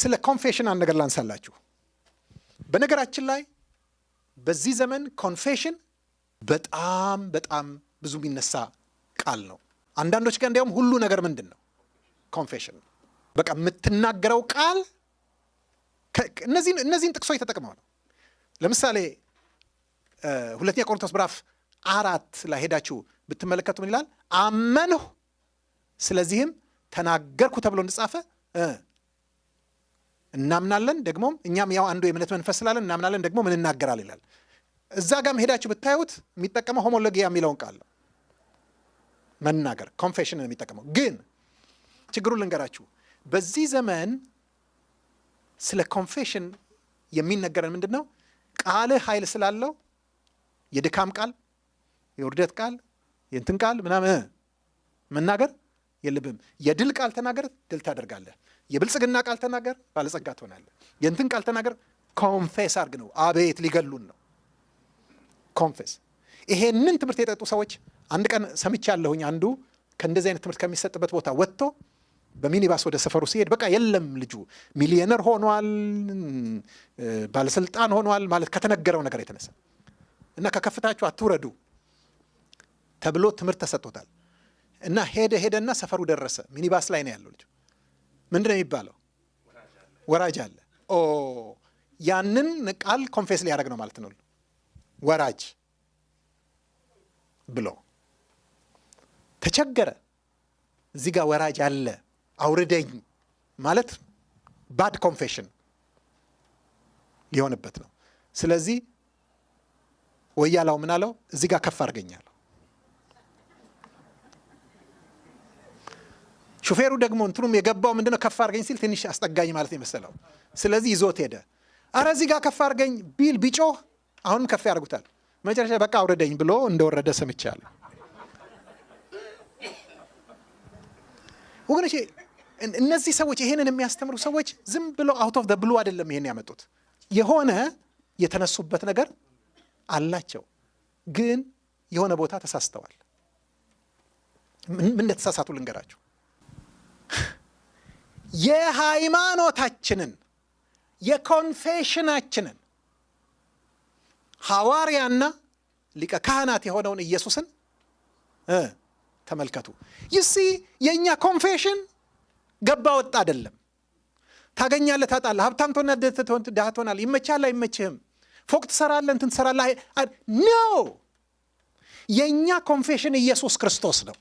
ስለ ኮንፌሽን አንድ ነገር ላንሳላችሁ። በነገራችን ላይ በዚህ ዘመን ኮንፌሽን በጣም በጣም ብዙ የሚነሳ ቃል ነው። አንዳንዶች ጋር እንዲያውም ሁሉ ነገር ምንድን ነው ኮንፌሽን፣ በቃ የምትናገረው ቃል እነዚህን ጥቅሶች ተጠቅመው ነው። ለምሳሌ ሁለተኛ ቆሮንቶስ ምዕራፍ አራት ላይ ሄዳችሁ ብትመለከቱ ምን ይላል? አመንሁ ስለዚህም ተናገርኩ ተብሎ እንደጻፈ እናምናለን ደግሞ እኛም ያው አንዱ የእምነት መንፈስ ስላለን እናምናለን ደግሞ ምን እናገራል ይላል። እዛ ጋም ሄዳችሁ ብታዩት የሚጠቀመው ሆሞሎጊያ የሚለውን ቃል ነው። መናገር ኮንፌሽን ነው የሚጠቀመው። ግን ችግሩን ልንገራችሁ፣ በዚህ ዘመን ስለ ኮንፌሽን የሚነገረን ምንድን ነው? ቃልህ ኃይል ስላለው የድካም ቃል፣ የውርደት ቃል፣ የእንትን ቃል ምናምን መናገር የልብም የድል ቃል ተናገር፣ ድል ታደርጋለህ። የብልጽግና ቃል ተናገር፣ ባለጸጋ ትሆናለ። የእንትን ቃል ተናገር፣ ኮንፌስ አርግ ነው። አቤት ሊገሉን ነው። ኮንፌስ። ይሄንን ትምህርት የጠጡ ሰዎች አንድ ቀን ያለሁኝ አንዱ ከእንደዚህ አይነት ትምህርት ከሚሰጥበት ቦታ ወጥቶ በሚኒባስ ወደ ሰፈሩ ሲሄድ በቃ የለም ልጁ ሚሊዮነር ሆኗል፣ ባለስልጣን ሆኗል ማለት ከተነገረው ነገር የተነሳ እና ከከፍታችሁ አትውረዱ ተብሎ ትምህርት ተሰጥቶታል። እና ሄደ ሄደና ሰፈሩ ደረሰ። ሚኒባስ ላይ ነው ያለው ልጁ። ምንድን ነው የሚባለው? ወራጅ አለ። ኦ ያንን ቃል ኮንፌስ ሊያደርግ ነው ማለት ነው። ወራጅ ብሎ ተቸገረ። እዚህ ጋር ወራጅ አለ አውርደኝ ማለት ባድ ኮንፌሽን ሊሆንበት ነው። ስለዚህ ወያላው ምን አለው? እዚህ ጋር ከፍ አድርገኛለሁ ሹፌሩ ደግሞ እንትኑም የገባው ምንድነው ከፍ አርገኝ ሲል ትንሽ አስጠጋኝ ማለት የመሰለው ስለዚህ ይዞት ሄደ። አረ እዚህ ጋር ከፍ አርገኝ ቢል ቢጮህ አሁንም ከፍ ያደርጉታል። መጨረሻ በቃ አውረደኝ ብሎ እንደወረደ ሰምቻለሁ። ወገኖቼ እነዚህ ሰዎች ይሄንን የሚያስተምሩ ሰዎች ዝም ብሎ አውት ኦፍ ብሉ አይደለም ይሄን ያመጡት፣ የሆነ የተነሱበት ነገር አላቸው። ግን የሆነ ቦታ ተሳስተዋል። ምን እንደተሳሳቱ ልንገራችሁ። የሃይማኖታችንን የኮንፌሽናችንን ሐዋርያና ሊቀ ካህናት የሆነውን ኢየሱስን ተመልከቱ። ይሲ የእኛ ኮንፌሽን ገባ ወጣ አይደለም። ታገኛለህ፣ ታጣለህ፣ ሀብታም ትሆናለህ፣ ድሃ ትሆናለህ፣ ይመቻል፣ አይመችህም፣ ፎቅ ትሰራለህ፣ እንትን ትሰራለህ። ኖ የእኛ ኮንፌሽን ኢየሱስ ክርስቶስ ነው።